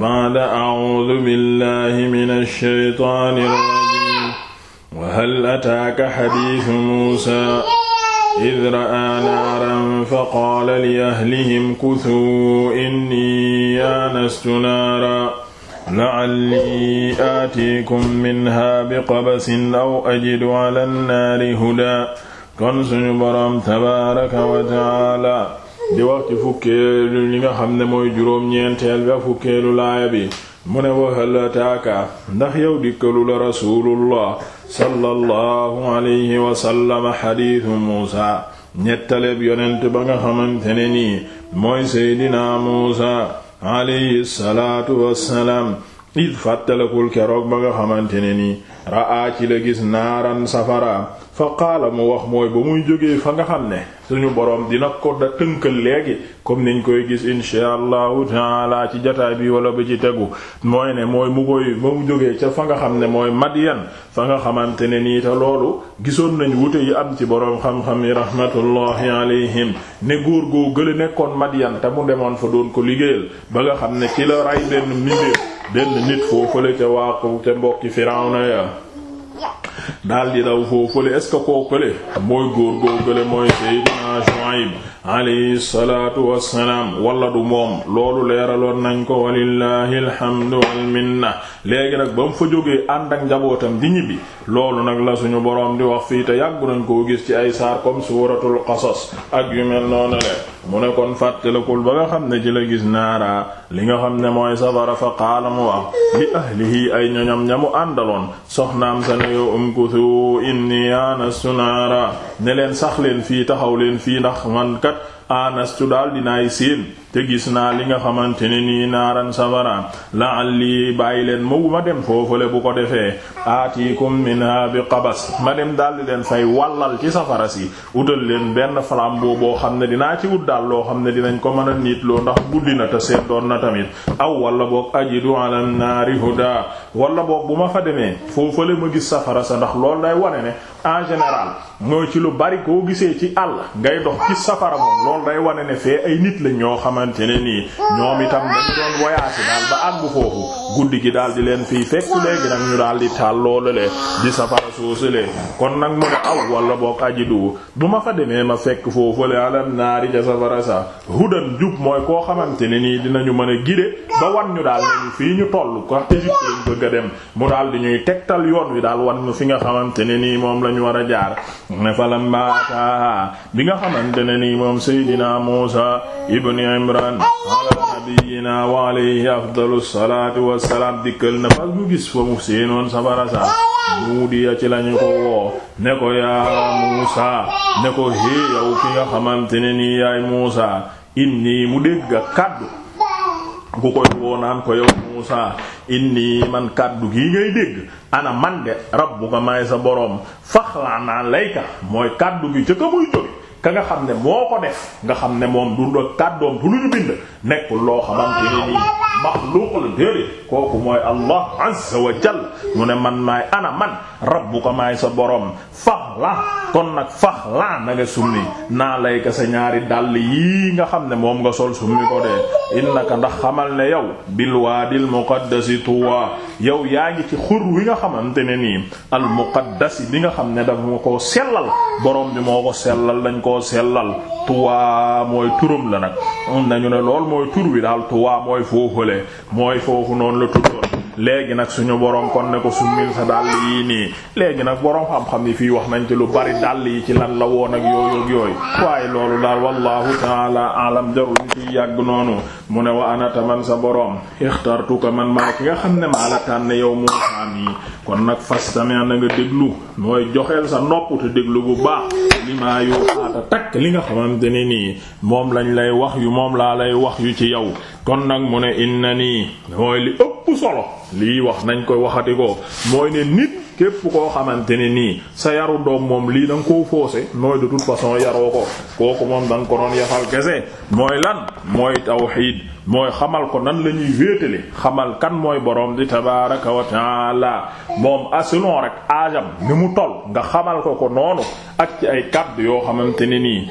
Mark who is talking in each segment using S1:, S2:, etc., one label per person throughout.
S1: ba'da a'uudu billahi mina shaytaani rajiim wa hal ataaka xadiisu muusaa id ra'aa naaran faqaala li ahlihim kuthuu innii aanastu naaran la'allii aatiikum minhaa biqabasin aw ajidu 'alan naari hudaa kon suñu boroom tabaaraka wa ta'aala di wax ci fukkeelu li nga xam ne mooy juróom-ñeenteel ba fukkeelu laaya bi mu ne wa hal ataaka ndax yow dikkalu la rasulullah sallallahu alayhi wa sallama xadiisu muusa ñettaleeb yonent ba nga xamante ne nii mooy seydinaa muusa alayhi salaatu wassalaam id fàttalakul keroog ba nga xamante ne nii ra'aa ci la gis naaran safara fa qaala mu wax mooy ba muy jógee fa nga xam ne suñu boroom dina ko da tënkal léegi comme niñ koy gis inshaa allahu taala ci jataay bi wala ba ci tegu mooy ne mooy mu koy ba mu jógee ca fa nga xam ne mooy Madyan fa nga xamante ne nii te loolu gisoon nañu wute yi am ci boroom xam-xam yi rahmatullahi alayhim ne góor goo gële nekkoon Madyan te mu demoon fa doon ko liggéeyal ba nga xam ne ci la ray benn nit foofale ca waaku ca mbokki Firawna ya daal di daw foofale est-ce que koo kële mooy góor góor kële mooy Shu'ayb alayhi salaatu wala du moom loolu leeraloon nañ ko walillahi alhamdu wal léegi nag ba mu fa jógee ànd ak njabootam di ñibbi loolu nag la suñu boroom di wax fii te yàggu nañ koo gis ci ay saar comme suuratul qasas ak yu mel noonu le mu ne kon fàttalikul ba nga xam ne ci la gis naara li nga xam ne mooy safara fa qaala mu am li ahlihi ay ñoñam ñamu àndaloon soxnaam sa ne yoo umkuthu inni anastu naara ne leen sax leen fii taxaw leen fii ndax man kat anastu daal dinaay séen te gis naa li nga xamante ne nii naaran safara la'alli bàyyi leen ma ma dem foofule bu ko defee aatikum minha bi qabas ma dem daal leen fay wallal ci safara si utal leen benn flambeau boo xam ne dinaa ci wut daal loo xam ne dinañ ko mën a niit loo ndax guddi na te seddoon na tamit aw wala boog ajidu ala naari huda wala boog bu ma fa demee foofule ma gis safara sa ndax lool day wane ne en général mooy ci lu bari koo gisee ci àll loolu day wane ne fee ay nit lañ ñoo xamante ne nii ñoom itam dañ doon voyage daal ba àgg foofu guddi gi daal di leen fii fekk léegi nag ñu daal di taal loolu le di safar soo sëlee kon nag mu ne aw wala boog aji duwu bu ma fa demee ma fekk foofale alam naari ja safara sa hudan jub mooy koo xamante ne nii dinañu mën a gide ba wan ñu daal nañu fii ñu toll ko Égypte lañ bëgg a dem mu daal di ñuy tegtal yoon wi daal wan ñu fi nga xamante ne nii moom la ñu war a jaar ne fa lambaataha bi nga xamante ne nii moom Seydina Muusa ibn Imran nabiyina wa alayhi afdalu salaatu wassalaam dikkal na fa ñu gis fa mu seenoon sa nuudiya ci lañu ko woo ne ko yaa Muusa ne ko hé yow ki nga xamante ne nii yaay Muusa inni mu dégg ak kàddu ku koy woo naan ko yow Muusa inni man kàddu gi ngay dégg ana man de rabbuka maay sa boroom faxlaan naa layka mooy kàddu gi ca ka muy jóge ka nga xam ne moo ko def nga xam ne moom du do kàddoom du lu ñu bind nekkul loo xamante ne nii maxluuq la kooku mooy allah azza wa jal mu ne man maay ana man ko maay sa borom fax la kon nag fax la na nga summi naa lay ka sa ñaari dàll yii nga xam ne moom nga sol summi ko dee innaka ndax xamal ne yow bil waadil muqaddasi tuwa yow yaa ngi ci xur wi nga xamante ne nii al muqaddasi bi nga xam ne dafa ma koo sellal borom bi moo ko sellal lañ ko koo sellal tuwaa mooy turam la nag am nañu ne lool mooy tur wi daal tuwaa mooy foofule mooy foofu noonu la tuddoon léegi nag suñu boroom kon ne ko summil sa dàll yii nii léegi nag boroom xam-xam yi fii wax nañ ci lu bari dàll yi ci lan la woon ak yooyu ak yooyu waaye loolu daal wallahu taala alam jarul ci yàgg noonu mu ne wa anata man sa boroom ixtartuka man maa ki nga xam ne maa yow Muusaa kon nag fastami na nga déglu mooy joxeel sa nopp déglu bu baax li maa yoo xaata takk li nga xamante nii moom lañ lay wax yu moom laa lay wax yu ci yow kon nag mu ne inna nii mooy li ëpp solo lii wax nañ koy waxati ko mooy ne nit képp koo xamante ne nii sa yaru doom moom lii da nga koo foosé mooy de toute façon yaroo ko kooku moom da nga ko doon yafal kese mooy lan mooy tawxiid mooy xamal ko nan lañuy ñuy wéetale xamal kan mooy boroom di tabaraka wa la moom asilon rek aajam ni mu tol nga xamal ko ko noonu ak ci ay kàddu yoo xamante ni nii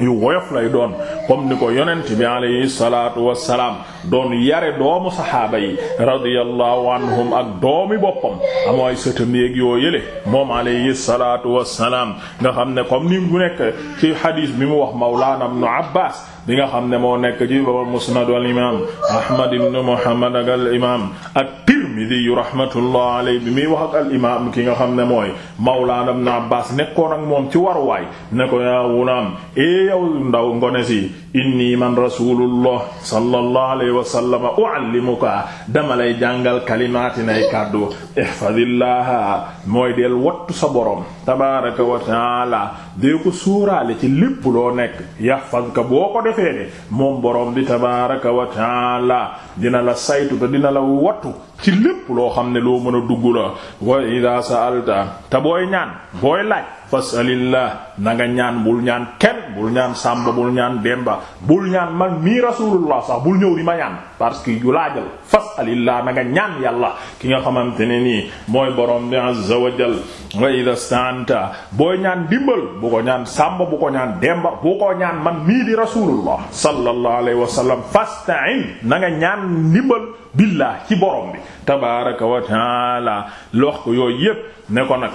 S1: yu woyof lay doon comme ni ko yonent bi alayhi salaatu salaam doon yare doomu saxaaba yi radiyallahu anhum ak doomi boppam amooy sëtam yéeg yoo yële moom alayhi salaatu wassalaam nga xam ne comme ni mu nekk ci xadiis bi mu wax mawlaana ibnu abbaas bi nga xam ne moo nekk ci baba musnad al imaam ibnu muhammad ak al imaam ak Tirmidi yu rahmatullah alayhi bi muy wax al imaam ki nga xam ne mooy Mawlaana Ibn Abbaas nekkoon ak moom ci waruwaay ne ko yaa wunaam ee eh ndaw ngone si inni man rasulullah sallallahu alayhi wa sallam uallimuka dama lay jàngal kalimaatin ay kàddu ihfadillaha mooy del wattu sa borom tabaraka wa taala dee ko sóoraale ci lépp loo nekk yahfadka boo ko defee de moom borom di tabaraka wa taala dina la saytu te dina la wattu ci lépp loo xam ne loo mën a dugg la wa sa sa'alta te booy ñaan booy laaj fasalillah na nga ñaan bul ñaan kenn bul ñaan sàmba bul ñaan demba bul ñaan mag mii rasulullah sax bul ñëw di ma ñaan parce que fas'alillah na nga ñaan yàlla ki nga xamante ne nii mooy borom bi azza wa jal wa idha sta'anta booy ñaan dimbal bu ko ñaan sàmba bu ko ñaan demba bu ko ñaan man nii di rasulullah sallallahu alayhi wa sallam fasta'in na nga ñaan dimbal billah ci borom bi tabaraka wa taala lox ko yooyu yépp ne ko nag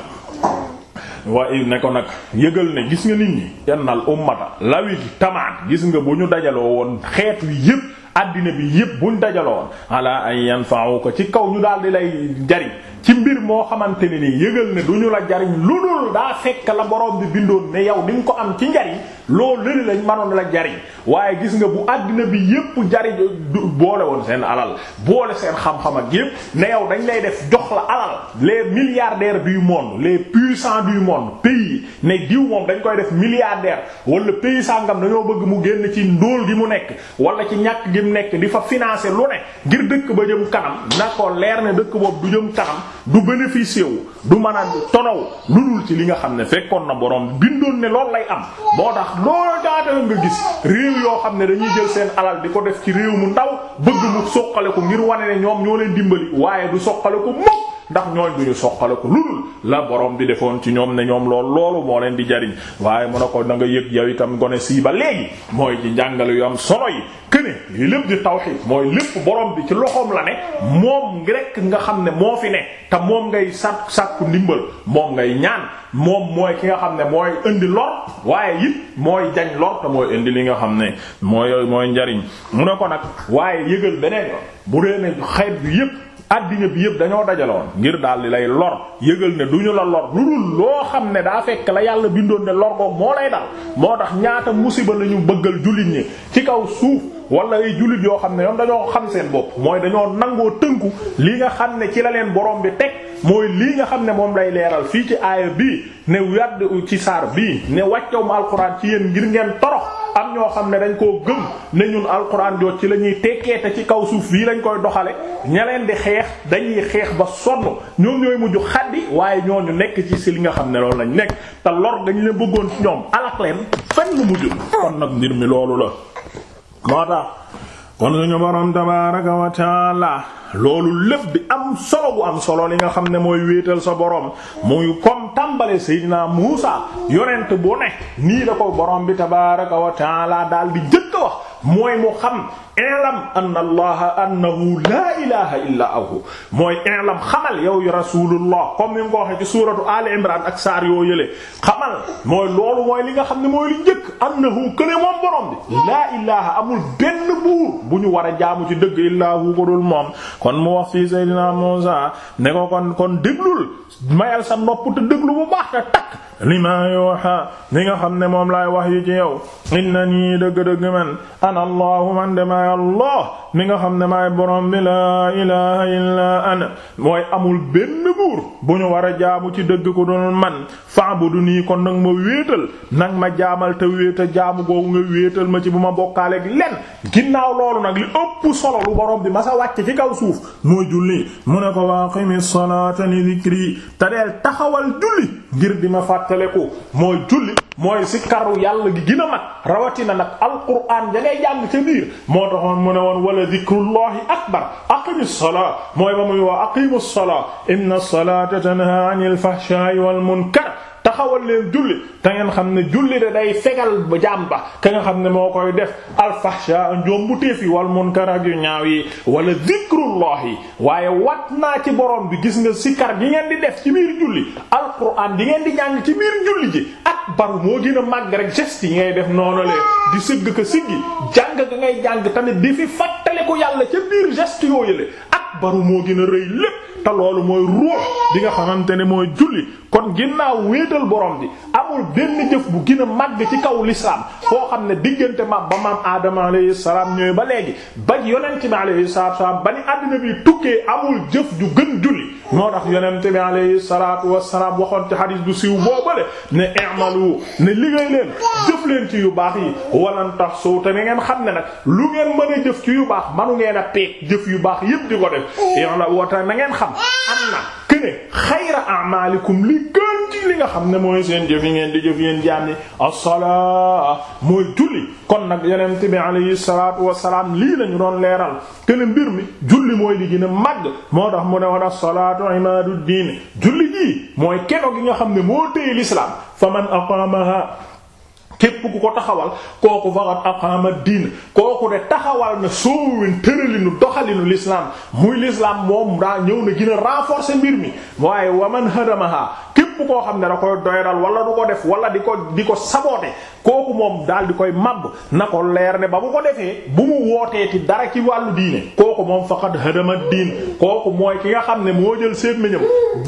S1: wa ne ko nag yëgal ne gis nga nit ñi yennal ummata lawit tamaat gis nga bu ñu dajaloo woon xeet wi yépp àddina bi yépp buñ dajaloon ala ay ko ci kaw ñu daal di lay jariñ ci mbir moo xamante ne nii yëgal ne du ñu la jariñ lu dul daa fekk la borom bi bindoon ne yow di nga ko am ci njariñ loo lëli lañ manoon la jariñ waaye gis nga bu àddina bi yépp jariñ boole woon seen alal boole seen xam-xam ak ne yow dañ lay def jox la alal les milliardaires du monde les puissants du monde pays ne diw moom dañ koy def milliardaire wala pays sàngam dañoo bëgg mu génn ci ndóol gi mu nekk wala ci ñàkk gi bi nekk di fa financer lu ne ngir dëkk ba jëm kanam na ko leer ne dëkk boobu du jëm kanam du bénéficier wu du mën a tonaw lu dul ci li nga xam ne fekkoon na borom bindoon ne loolu lay am boo tax loolu daata nga gis réew yoo xam ne dañuy jël seen alal di ko def ci réew mu ndaw bëgg mu soqale ko ngir wane ne ñoom ñoo leen dimbali waaye du soqale ko ndax ñooñ duñu soqala ko lul la borom bi defoon ci ñoom ne ñoom lool loolu moo leen di jariñ waaye mun na ko da nga yëg yow itam gone sii ba léegi mooy ci njàngale yu am solo yi këne lii lépp di tawhid mooy lépp boroom bi ci loxoom la ne moom rek nga xam ne moo fi ne te moom ngay sàkk sàkku ndimbal moom ngay ñaan moom mooy ki nga xam ne mooy indi lor waaye it mooy jañ lor te mooy indi li nga xam ne mooy mooy njariñ mu ne ko nag waaye yëgal beneen bu bi yépp àddina bi yëpp dañoo dajaloon ngir daal di lay lor yëgal ne du ñu la lor lu dul loo xam ne daa fekk la yàlla bindoon ne lor boobu moo lay dal moo tax ñaata musiba la ñu bëggal jullit ñi ci kaw suuf wala ay jullit yoo xam ne ñoom dañoo xam seen bopp mooy dañoo nangoo tënku li nga xam ne ci la leen borom bi teg mooy lii nga xam ne moom lay leeral fii ci aaya bii ne wadd ci saar bii ne wàccaw ma alxuraan ci yéen ngir ngeen torox am ñoo xam ne dañ koo gëm ne ñun alxuraan joot ci la ñuy tekkee te ci kaw suuf fii lañ koy doxale ña leen di xeex dañuy xeex ba sonn ñoom ñooy mujj xaddi waaye ñooñu nekk ci si li nga xam ne loolu lañ nekk te lor dañ leen bëggoon ci ñoom fan lu nag mbir mi loolu la moo tax kon suñu borom tabaaraka wa loolu lépp di am solo am solo li nga xam ne mooy wéetal sa boroom muy comme tàmbale Seydina Muusa yonent bu ne nii la ko borom bi tabaaraka wa taala daal di jëkk wax mooy mu xam i'lam anna allaha annahu laa ilaha illa hu mooy i'lam xamal yow yu rasulullah comme ni nga ci suratu ali imran ak saar yoo yëlee xamal mooy loolu mooy li nga xam ne mooy li njëkk annahu këne moom borom bi laa amul benn buur bu ñu war jaamu ci dëgg illaa hu ko dul moom kon mu wax fii sayyidina Muusa ne ko kon kon mayal sa nopp te déglu bu baax te takk lima yooxa li nga xam ne moom laay wax yu ci yow inna nii dëgg-dëgg man ana allahu man de maay allah mi nga xam ne maay borom bi laa ilaha illa ana mooy amul benn buur bu ñu war a jaamu ci dëgg ko doon man du nii kon nag ma wéetal nag ma jaamal te wéeta jaamu googu nga wéetal ma ci bu ma bokkaaleeg len ginnaaw loolu nag li ëpp solo lu borom bi ma sa wàcc ci kaw suuf mooy julli mu ne ko waaqimi salaata li dikri te deel taxawal julli ngir ma fàtte fàttaleku mooy julli mooy si karu yàlla gi gën a mag rawatina nag alquran da ngay jàng ca biir moo taxoon mu ne woon wala dikrullahi akbar aqimis salaa mooy ba muy woo aqimus salaa inna salata tanha anil fahsha'i wal munkar taxawal leen julli te ngeen xam ne julli da day fegal ba jaam ba ka nga xam ne moo koy def alfahsha njombuteef yi wal moon ak yu ñaaw yi wala zikrullah yi waaye wat naa ci boroom bi gis nga sikar gi ngeen di def ci biir julli alquran di ngeen di jàng ci biir julli ji ak baru moo gën a màgg rek geste yi ngay def noonu lee di sëgg ko siggi jàng ga ngay jàng tamit di fi ko yàlla ca biir geste yooyu le ak baru moo gën a rëy lépp te loolu mooy ruux di nga xamante ne mooy julli kon ginnaaw wéetal boroom bi amul benn jëf bu gën mag màgg ci kaw lislaam foo xam ne diggante maam ba maam aadama alayhi salaam ñooy ba léegi ba yonent bi alayhi salaam ba ni àddina bi tukkee amul jëf ju gën julli moo tax yonent bi alayhi salaatu wassalaam waxoon ci xadiis bu siiw boobale ne i'malu ne liggéey leen jëf leen ci yu baax yi walla tax soo te ngeen xam ne nag lu ngeen mën jëf ci yu baax manu ngeen a peek jëf yu baax yépp di ko def oh. na ngeen xam xam am na këne xayra a'malikum li gën li nga xam ne mooy seen jëf yi ngeen di jëf yéen jaam ni as-salaa mooy julli kon nag yonent bi alayhi salaatu wassalaam lii lañu doon leeral këne mbir mi julli mooy li gën a màgg moo tax mu ne woon as-salaatu imaadu diin julli mooy keno gi nga xam ne moo téye l'islam faman aqamaha képp ku ko taxawal kooku faqat ma diin kooku de taxawal na soowin tëralinu doxalinu l'islam muy l'islam moom daa ñëw na gën a renforcer mbir mi waaye waman hadamaha képp koo xam ne da koy doyadal wala du ko def wala di ko di ko saboter kooku moom daal di koy màbb na ko leer ne ba mu ko defee bu mu wootee wooteeti dara ci wàllu diine kooku moom faqad hadama diin kooku mooy ki nga xam ne moo jël seen meññam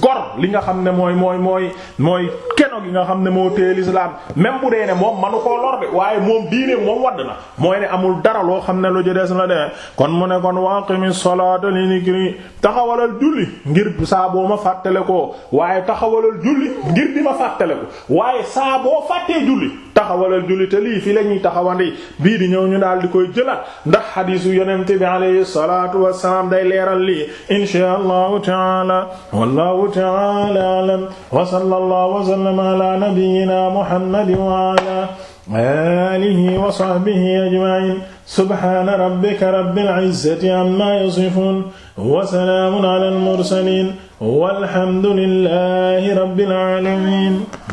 S1: gor li nga xam ne mooy mooy mooy mooy keno gi nga xam ne moo téye l'islam mem bu dee ne moom manu koo lor de waaye moom diine moom wadd na mooy ne amul dara loo xam ne lu ci des la de kon mu ne kon waqimi salaata li nikri taxawalal julli ngir saa boo ma fàttale ko waaye taxawalal julli ngir di ma fàttale ko waaye saa taxawalal julli te lii fi la ñuy taxawandi bii di ñëw ñu daal di koy jëlaat ndax xadiisu yonent bi alayhi salaatu wassalaam day leeral lii inshaa allahu taala wallahu taala alam wa sallallahu wa sallama ala nabiyyina muhammadin wa ala alihi wa sahbihi ajma'in subhana rabbika rabbil izzati amma yasifun wa salaamun ala al mursalin walhamdulillahi rabbil alamin